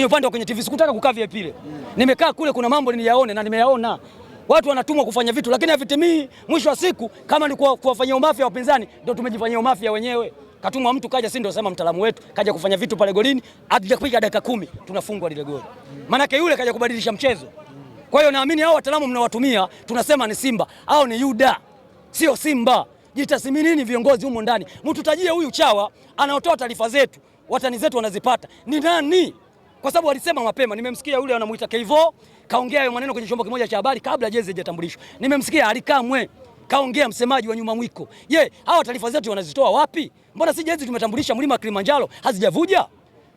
kwenye upande wa kwenye TV sikutaka kukaa VIP ile. Nimekaa kule, kuna mambo niliyaone na nimeyaona watu wanatumwa kufanya vitu lakini havitimii. Mwisho wa siku kama ni kuwafanyia umafia wapinzani, ndio tumejifanyia umafia wenyewe. Katumwa mtu kaja, si ndio sema mtaalamu wetu kaja kufanya vitu pale golini, hatujapiga dakika kumi tunafungwa lile goli, Maana yake yule kaja kubadilisha mchezo. Kwa hiyo naamini hao wataalamu mnawatumia, tunasema ni Simba au ni Yuda, sio Simba. Jitathminini viongozi humo ndani, mtutajie huyu chawa anaotoa taarifa zetu, watani zetu wanazipata ni nani? kwa sababu walisema mapema. Nimemsikia yule anamuita Kevo kaongea hayo maneno kwenye chombo kimoja cha habari kabla jezi haijatambulishwa. Nimemsikia Alikamwe kaongea msemaji wa nyuma mwiko. Je, hawa taarifa zetu wanazitoa wapi? Mbona si jezi tumetambulisha mlima Kilimanjaro hazijavuja?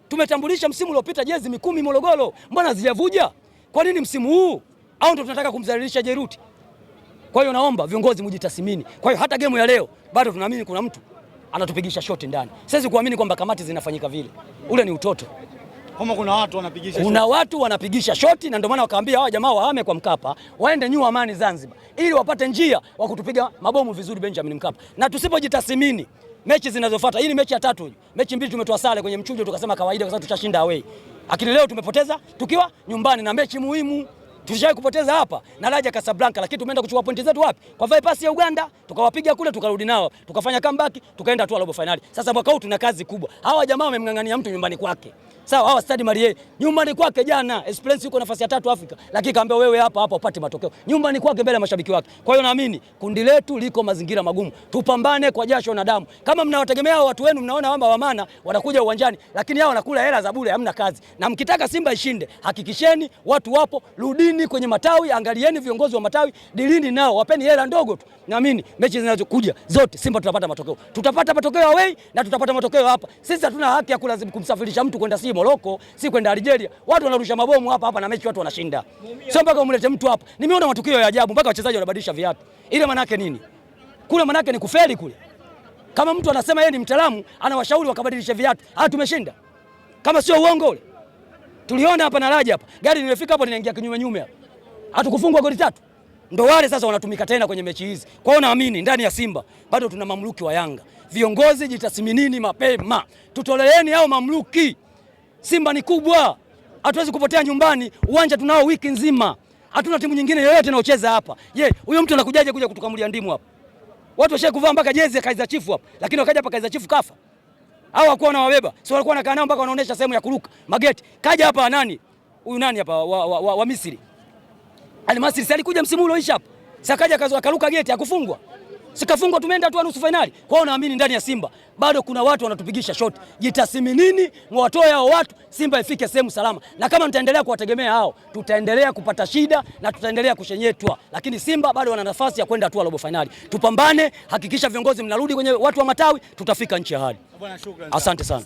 Tumetambulisha msimu uliopita jezi Mikumi Morogoro, mbona hazijavuja? Kwa nini msimu huu? Au ndio tunataka kumdhalilisha Jeruti? Kwa hiyo naomba viongozi mjitathmini. Kwa hiyo hata gemu ya leo bado tunaamini kuna mtu anatupigisha shoti ndani. Siwezi kuamini kwamba kamati zinafanyika vile, ule ni utoto kama kuna watu wanapigisha shoti. Kuna watu wanapigisha shoti na ndio maana wakaambia hawa jamaa wahame kwa Mkapa, waende nyua Amani Zanzibar ili wapate njia wa kutupiga mabomu vizuri Benjamin Mkapa. Na tusipojitathmini mechi zinazofuata, hii ni mechi ya tatu, mechi mbili tumetoa sare kwenye mchujo tukasema kawaida kwa sababu tushashinda away. Lakini leo tumepoteza tukiwa nyumbani na mechi muhimu. Tulishawahi kupoteza hapa na Raja Casablanca, lakini tumeenda kuchukua pointi zetu wapi? Kwa bypass ya Uganda, tukawapiga kule, tukarudi nao, tukafanya comeback, tukaenda tu robo finali. Sasa mwaka huu tuna kazi kubwa. Hawa jamaa wamemng'ang'ania mtu nyumbani kwake. Sawa, hawa Stadi Marie nyumbani kwake jana Esperance yuko nafasi ya tatu Afrika, lakini kaambia wewe hapa hapa upate matokeo nyumbani kwake mbele ya mashabiki wake. Kwa hiyo naamini kundi letu liko mazingira magumu, tupambane kwa jasho na damu. Kama mnawategemea hao watu wenu, mnaona kwamba wamana wanakuja uwanjani, lakini hao wanakula hela za bure, hamna kazi. Na mkitaka Simba ishinde, hakikisheni watu wapo, rudini kwenye matawi, angalieni viongozi wa matawi, dilini nao, wapeni hela ndogo tu. Naamini mechi zinazokuja zote Simba tutapata matokeo, tutapata matokeo away na tutapata matokeo hapa. Sisi hatuna haki ya kulazimika kumsafirisha mtu kwenda Simba sijui Moroko, si kwenda Algeria. Watu wanarusha mabomu hapa hapa na mechi watu wanashinda. Sio mpaka umlete mtu hapa. Nimeona matukio ya ajabu mpaka wachezaji wanabadilisha viatu. Ile maana yake nini? Kule maana yake ni kufeli kule. Kama mtu anasema yeye ni mtaalamu, anawashauri wakabadilisha viatu. Ah, tumeshinda. Kama sio uongo ule. Tuliona hapa na Raja hapa. Gari nilifika hapo linaingia kinyume nyume hapa. Hatukufungwa goli tatu. Ndio wale sasa wanatumika tena kwenye mechi hizi. Kwa hiyo naamini ndani ya Simba bado tuna mamluki wa Yanga. Viongozi jitathminini mapema, Tutoleeni hao mamluki. Simba ni kubwa, hatuwezi kupotea nyumbani. Uwanja tunao wiki nzima, hatuna timu nyingine yoyote inayocheza hapa. Je, huyo mtu anakujaje kuja kutukamulia ndimu hapa? Watu washae kuvaa mpaka jezi ya Kaiza Chiefs hapa, lakini wakaja hapa Kaiza Chiefs kafa. Hao hawakuwa wanawabeba, sio walikuwa wanakaa nao mpaka wanaonesha sehemu ya kuruka mageti. Kaja hapa nani huyu nani hapa wa, wa, wa, wa, wa Misri Almasri, Masry, si alikuja msimu ulioisha hapa, sakaja akaruka geti akufungwa sikafungwa tumeenda tu nusu fainali. Kwa hiyo naamini ndani ya Simba bado kuna watu wanatupigisha shoti. Jitasiminini, mwatoe hao watu, Simba ifike sehemu salama, na kama mtaendelea kuwategemea hao, tutaendelea kupata shida na tutaendelea kushenyetwa, lakini Simba bado wana nafasi ya kwenda hatua robo fainali. Tupambane, hakikisha viongozi mnarudi kwenye watu wa matawi, tutafika nchi ya hadi. Asante sana.